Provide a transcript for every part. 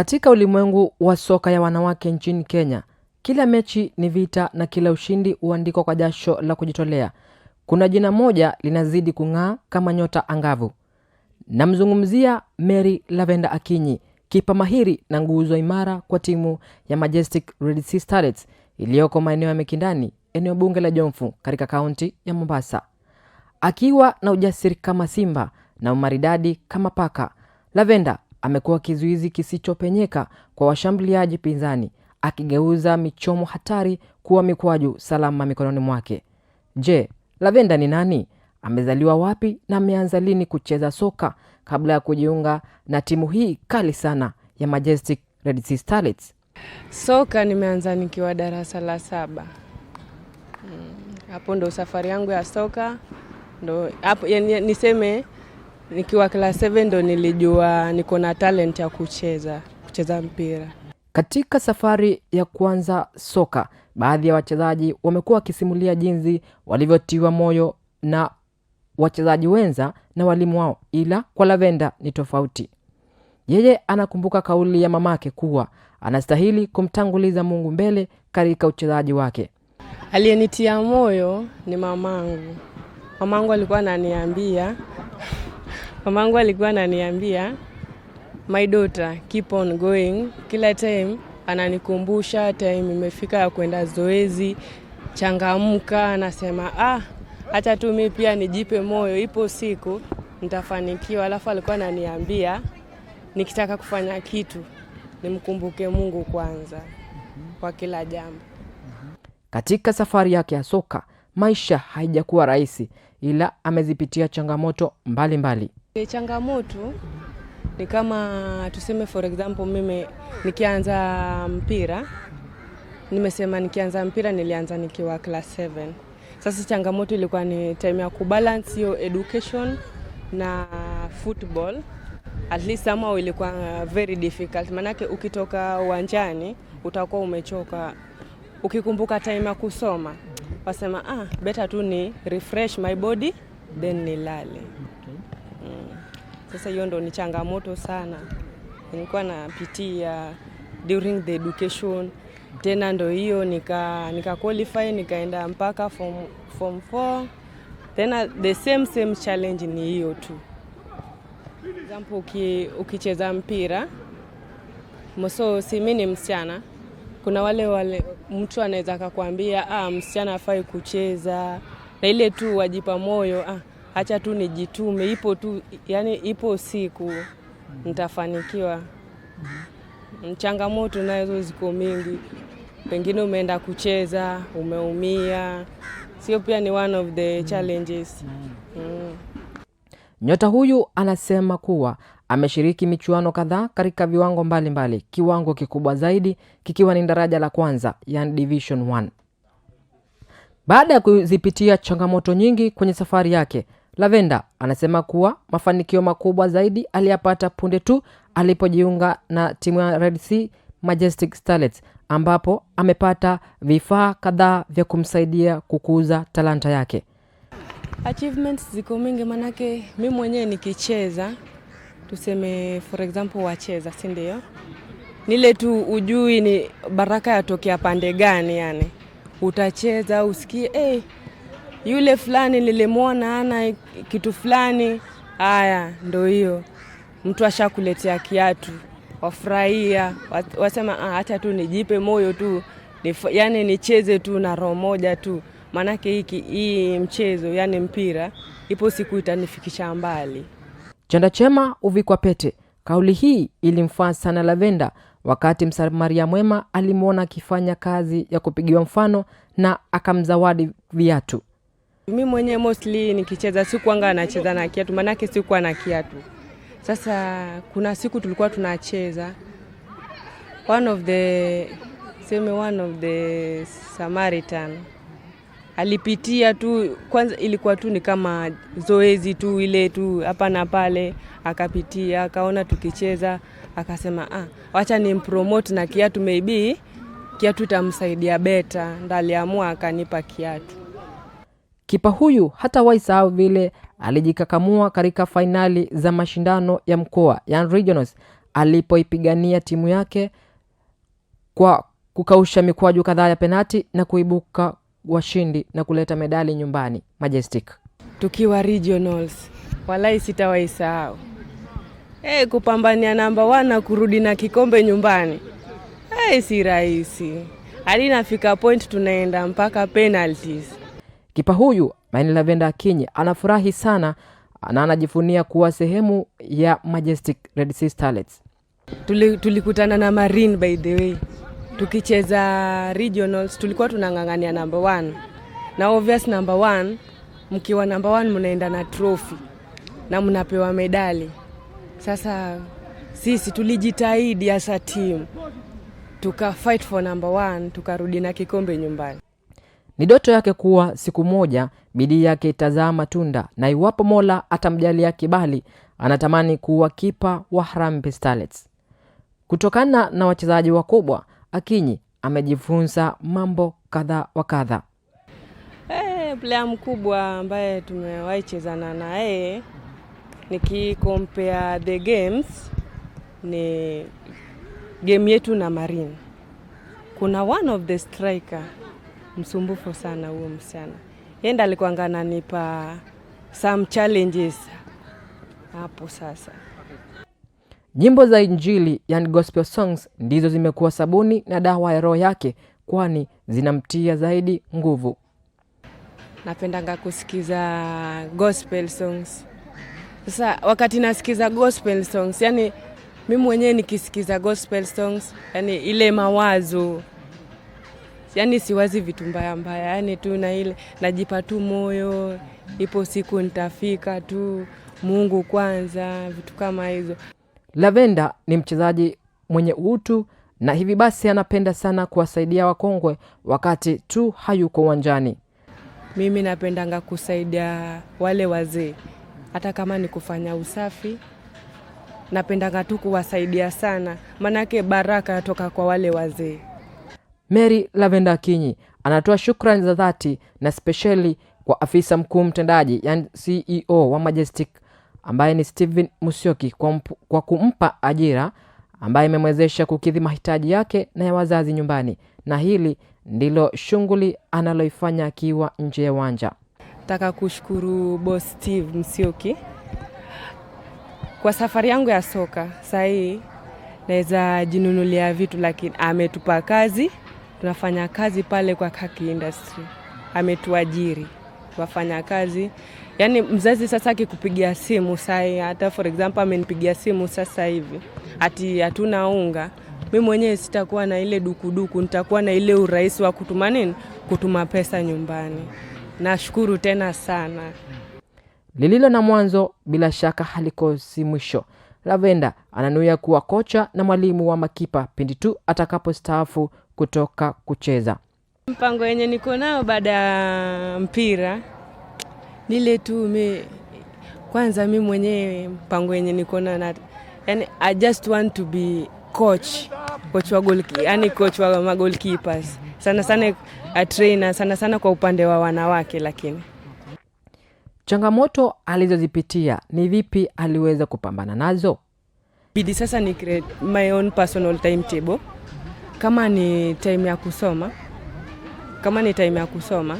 Katika ulimwengu wa soka ya wanawake nchini Kenya, kila mechi ni vita na kila ushindi huandikwa kwa jasho la kujitolea. Kuna jina moja linazidi kung'aa kama nyota angavu. Namzungumzia Mary Lavenda Akinyi, kipa mahiri na nguzo imara kwa timu ya Majestic Red Sea Starlets iliyoko maeneo ya Mikindani, eneo bunge la jomfu katika kaunti ya Mombasa. Akiwa na ujasiri kama simba na umaridadi kama paka, Lavenda amekuwa kizuizi kisichopenyeka kwa washambuliaji pinzani, akigeuza michomo hatari kuwa mikwaju salama mikononi mwake. Je, Lavenda ni nani? Amezaliwa wapi na ameanza lini kucheza soka kabla ya kujiunga na timu hii kali sana ya Majestic Red Soka nimeanza nikiwa darasa la saba. Mm, hapo hmm, ndo safari yangu ya soka ndo hapo, niseme Nikiwa class 7 ndo nilijua niko na talent ya kucheza kucheza mpira. Katika safari ya kuanza soka, baadhi ya wachezaji wamekuwa wakisimulia jinsi walivyotiwa moyo na wachezaji wenza na walimu wao, ila kwa Lavenda ni tofauti. Yeye anakumbuka kauli ya mamake kuwa anastahili kumtanguliza Mungu mbele katika uchezaji wake. Aliyenitia moyo ni mamangu. Mamangu alikuwa ananiambia mamangu alikuwa ananiambia my daughter keep on going, kila time ananikumbusha time imefika ya kwenda zoezi, changamka. Anasema ah, hata tu mimi pia nijipe moyo, ipo siku nitafanikiwa. Alafu alikuwa ananiambia nikitaka kufanya kitu nimkumbuke Mungu kwanza kwa kila jambo. Katika safari yake ya soka maisha haijakuwa rahisi, ila amezipitia changamoto mbalimbali mbali. Eh, changamoto ni kama tuseme, for example, mimi nikianza mpira nimesema nikianza mpira nilianza nikiwa class 7. Sasa changamoto ilikuwa ni time ya kubalance hiyo education na football, at least ama ilikuwa uh, very difficult, maanake ukitoka uwanjani utakuwa umechoka, ukikumbuka time ya kusoma wasema ah, better tu ni refresh my body then nilale. Mm. Sasa hiyo ndo ni changamoto sana nilikuwa napitia during the education tena ndo hiyo nika, nika qualify nikaenda mpaka form, form 4 tena the same same challenge ni hiyo tu. Example ukicheza mpira moso si mimi ni msichana kuna wale wale mtu anaweza akakwambia ah, msichana afai kucheza na ile tu wajipa moyo ah, hacha tu nijitume, ipo tu yani, ipo siku nitafanikiwa. Mhm. Changamoto nazo ziko mingi, pengine umeenda kucheza umeumia, sio pia ni one of the mm. challenges mm. mm. Nyota huyu anasema kuwa ameshiriki michuano kadhaa katika viwango mbalimbali mbali, kiwango kikubwa zaidi kikiwa ni daraja la kwanza yani division 1. Baada ya kuzipitia changamoto nyingi kwenye safari yake, Lavenda anasema kuwa mafanikio makubwa zaidi aliyapata punde tu alipojiunga na timu ya Red Sea Majestic Starlets ambapo amepata vifaa kadhaa vya kumsaidia kukuza talanta yake. Achievements ziko mingi, manake mi mwenyewe nikicheza, tuseme for example wacheza, si ndio? Nile tu ujui ni baraka yatokea pande gani, yani utacheza usikie hey, eh, yule fulani nilimwona ana kitu fulani. Haya, ndo hiyo mtu ashakuletea kiatu, wafurahia, wasema ah, hata tu nijipe moyo tu, yani nicheze tu na roho moja tu maanake hiki hii mchezo yani mpira ipo siku itanifikisha mbali. Chanda chema uvikwa pete. Kauli hii ilimfaa sana Lavenda wakati Msamaria mwema alimwona akifanya kazi ya kupigiwa mfano na akamzawadi viatu. Mi mwenyewe mostly nikicheza sikuanga anacheza na kiatu, maanake sikuwa na kiatu. Sasa kuna siku tulikuwa tunacheza one of the seme one of the Samaritan alipitia tu kwanza, ilikuwa tu ni kama zoezi tu ile tu hapa na pale, akapitia akaona tukicheza, akasema ah, wacha ni mpromote na kiatu, maybe kiatu tamsaidia beta, ndo aliamua akanipa kiatu. Kipa huyu hata waisahau vile alijikakamua katika fainali za mashindano ya mkoa ya regionals alipoipigania timu yake kwa kukausha mikwaju kadhaa ya penati na kuibuka washindi na kuleta medali nyumbani Majestic. Tukiwa regionals, walai sitawaisahau hey, kupambania namba wana na kurudi na kikombe nyumbani hey, si rahisi hadi nafika point tunaenda mpaka penalties. Kipa huyu Maina Lavenda Akinyi anafurahi sana na anajivunia kuwa sehemu ya Majestic Red Sea Starlets. Tulikutana na Marine by the way tukicheza regionals tulikuwa tunang'ang'ania number one na obvious number one, mkiwa number one mnaenda na trophy na mnapewa medali. Sasa sisi tulijitahidi a team tuka fight for number one, tukarudi na kikombe nyumbani. Ni doto yake kuwa siku moja bidii yake itazaa matunda, na iwapo Mola atamjalia kibali, anatamani kuwa kipa wa Harambee Starlets. Kutokana na wachezaji wakubwa Akinyi amejifunza mambo kadha wa kadha. Hey, eh, plea mkubwa ambaye tumewahi chezana naye nikikompea the games ni game yetu na Marine, kuna one of the striker msumbufu sana huyo msichana, yenda alikuanga ananipa some challenges hapo sasa Nyimbo za Injili, yani gospel songs, ndizo zimekuwa sabuni na dawa ya roho yake, kwani zinamtia zaidi nguvu. Napendanga kusikiza gospel songs. Sasa wakati nasikiza gospel songs, yani mi mwenyewe nikisikiza gospel songs, yani ile mawazo yani siwazi vitu mbaya mbaya, yani tu na ile najipa tu moyo, ipo siku nitafika tu, Mungu kwanza, vitu kama hizo. Lavenda ni mchezaji mwenye utu na hivi basi anapenda sana kuwasaidia wakongwe wakati tu hayuko uwanjani. Mimi napendanga kusaidia wale wazee, hata kama ni kufanya usafi, napendanga tu kuwasaidia sana, maanake baraka yatoka kwa wale wazee. Mary Lavenda Akinyi anatoa shukrani za dhati na spesheli kwa afisa mkuu mtendaji, yani CEO wa Majestic ambaye ni Steven Musyoki kwa, kwa kumpa ajira ambaye imemwezesha kukidhi mahitaji yake na ya wazazi nyumbani, na hili ndilo shughuli analoifanya akiwa nje ya uwanja. Nataka kushukuru boss Steve Musyoki kwa safari yangu ya soka. Saa hii naweza jinunulia vitu, lakini ametupa kazi, tunafanya kazi pale kwa Kaki Industry, ametuajiri tunafanya kazi yani mzazi sasa akikupigia simu sai, hata for example amenipigia simu sasa hivi ati hatuna unga, mi mwenyewe sitakuwa na ile dukuduku, nitakuwa na ile urahisi wa kutuma nini, kutuma pesa nyumbani. Nashukuru tena sana. Lililo na mwanzo bila shaka halikosi mwisho. Lavenda ananuia kuwa kocha na mwalimu wa makipa pindi tu atakapostaafu kutoka kucheza. Mpango yenye niko nao baada ya mpira nile tu mi kwanza, mi mwenyewe mpango yenye niko na yani, I just want to be coach, coach wa goal, yani coach wa ma goalkeepers sana sana, a trainer sana sana kwa upande wa wanawake. Lakini changamoto alizozipitia ni vipi aliweza kupambana nazo? Bidi sasa ni create my own personal timetable. Kama ni time ya kusoma, kama ni time ya kusoma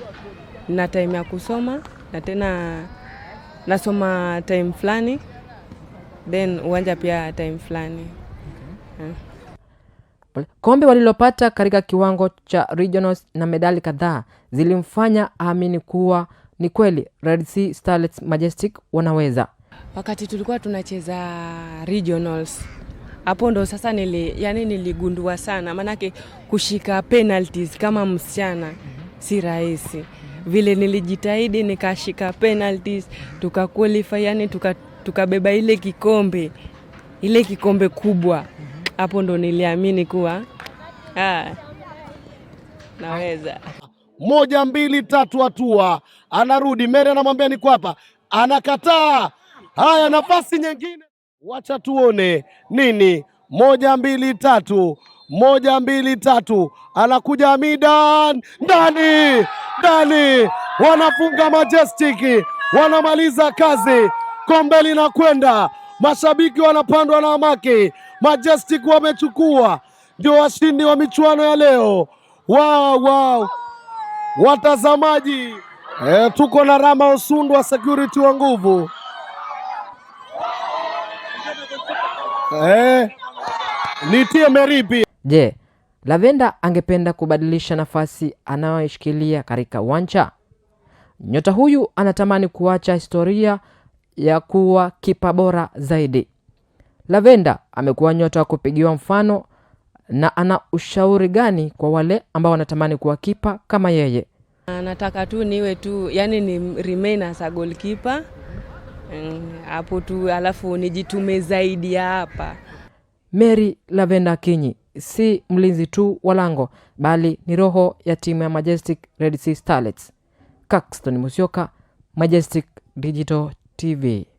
na time ya kusoma na tena nasoma time fulani then uwanja pia time fulani okay. yeah. Kombe walilopata katika kiwango cha regionals na medali kadhaa zilimfanya aamini kuwa ni kweli Red Sea Starlets Majestic wanaweza. Wakati tulikuwa tunacheza regionals hapo ndo sasa nili, yani niligundua sana, maanake kushika penalties kama msichana si rahisi vile nilijitahidi nikashika penalties tukaqualify, yani tuka, tukabeba ile kikombe ile kikombe kubwa hapo ndo niliamini kuwa ah, naweza moja mbili tatu, hatua anarudi mere anamwambia niko hapa, anakataa. Haya, nafasi nyingine, wacha tuone nini. Moja mbili tatu, moja mbili tatu, anakuja Midan ndani kali, wanafunga Majestic, wanamaliza kazi, kombe linakwenda, mashabiki wanapandwa na hamaki. Majestic wamechukua, ndio washindi wa michuano ya leo. Wow, wow. Watazamaji e, tuko na Rama Osundu wa security wa nguvu e, eh, nitie meripi. Je, Lavenda angependa kubadilisha nafasi anayoishikilia katika uwanja. Nyota huyu anatamani kuacha historia ya kuwa kipa bora zaidi. Lavenda amekuwa nyota wa kupigiwa mfano, na ana ushauri gani kwa wale ambao wanatamani kuwa kipa kama yeye? Nataka tu niwe tu, yani ni remain as a goalkeeper mm, hapo tu, alafu nijitume zaidi ya hapa. Mary Lavenda Kinyi si mlinzi tu wa lango bali ni roho ya timu ya Majestic Red Sea Starlets. Caxton Musyoka, Majestic Digital TV.